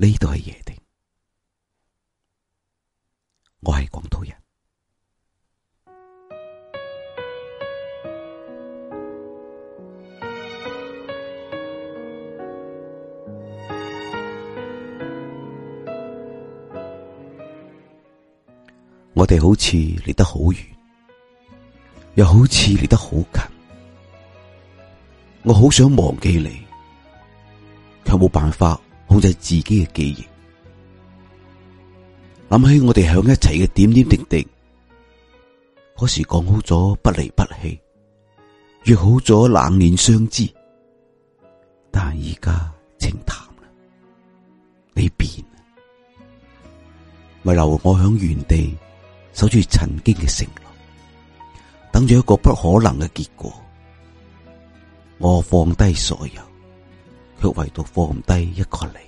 呢度係夜定，我係廣東人。 我哋好似離得好遠，又好似離得好近。我好想忘記你，卻冇辦法。控制自己嘅記憶，諗起我哋響一齊嘅點點滴滴，嗰時講好咗不離不棄，約好咗冷暖相知，但而家清淡啦，你變，唯留我響原地守住曾經嘅承諾，等住一個不可能嘅結果，我放低所有，卻唯獨放低一個你。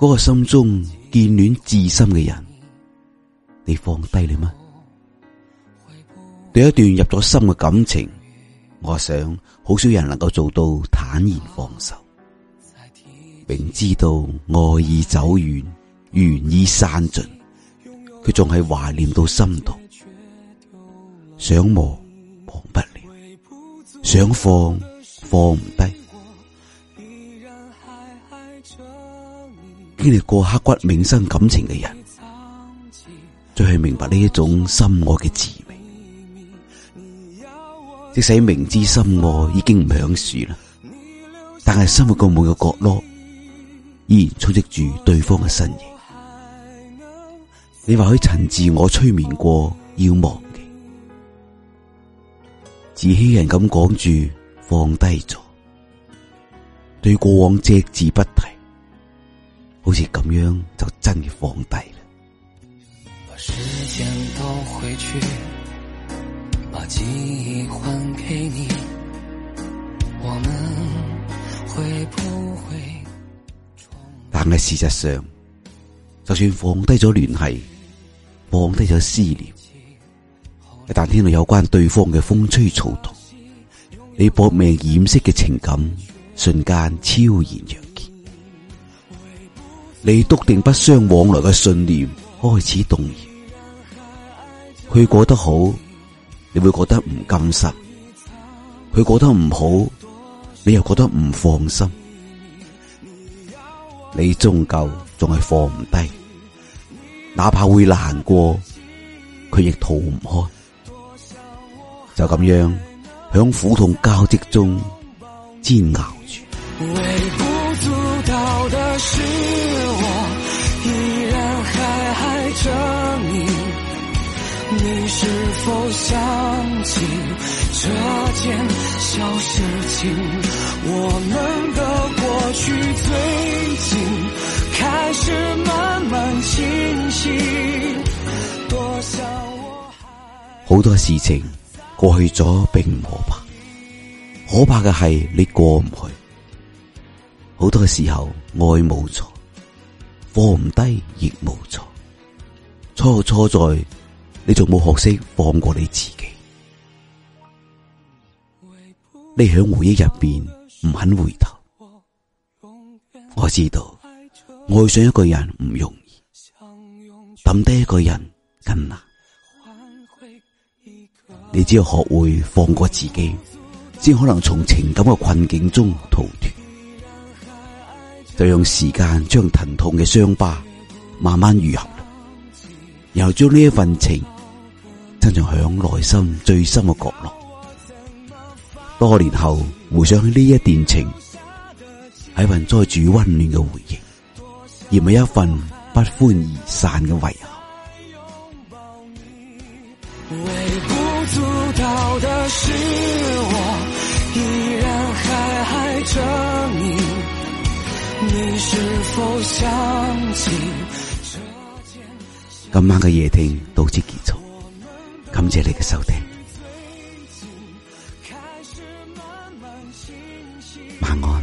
嗰、那個心中眷戀至深嘅人，你放低你嗎？對一段入咗心嘅感情，我想好少人能夠做到坦然放手，明知道愛已走遠，緣已散盡，佢仲係懷念到心痛，想忘忘不了，想放放唔低。經歷過刻骨銘心感情嘅人，最係明白呢一種深愛嘅滋味。即使明知深愛已經唔響事啦，但係生活嘅每個角落，依然充斥住對方嘅身影。你話佢曾自我催眠過要忘記，自欺人咁講住放低咗，對過往隻字不提。好似咁樣就真嘅放低啦，我們會不會。但係事實上，就算放低咗聯繫，放低咗思念，一旦聽到有關對方嘅風吹草動，你搏命掩飾嘅情感瞬間超然揚。你篤定不相往來嘅信念開始動搖，佢過得好，你會覺得唔甘心；佢過得唔好，你又覺得唔放心。你終究仲係放唔低，哪怕會難過，佢亦逃唔開。就咁樣，響苦痛交織中煎熬住。想起這件小事情，我們的過去最近開始慢慢清晰。多想我，好多事情過去咗並唔可怕，可怕嘅係你過唔去。好多嘅時候，愛冇錯，放唔低亦冇錯，錯錯在你仲冇學識放過你自己，你喺回憶入邊唔肯回頭。我知道愛上一個人唔容易，抌低一個人更難。你只要學會放過自己，先可能從情感嘅困境中逃脫。就用時間將疼痛嘅傷疤慢慢癒合。又後將呢一份情珍藏響內心最深嘅角落，多年後回想起呢一段情，係份載住溫暖嘅回憶，而每一份不歡而散嘅遺憾。今晚嘅夜聽到此結束，感謝你嘅收聽，晚安。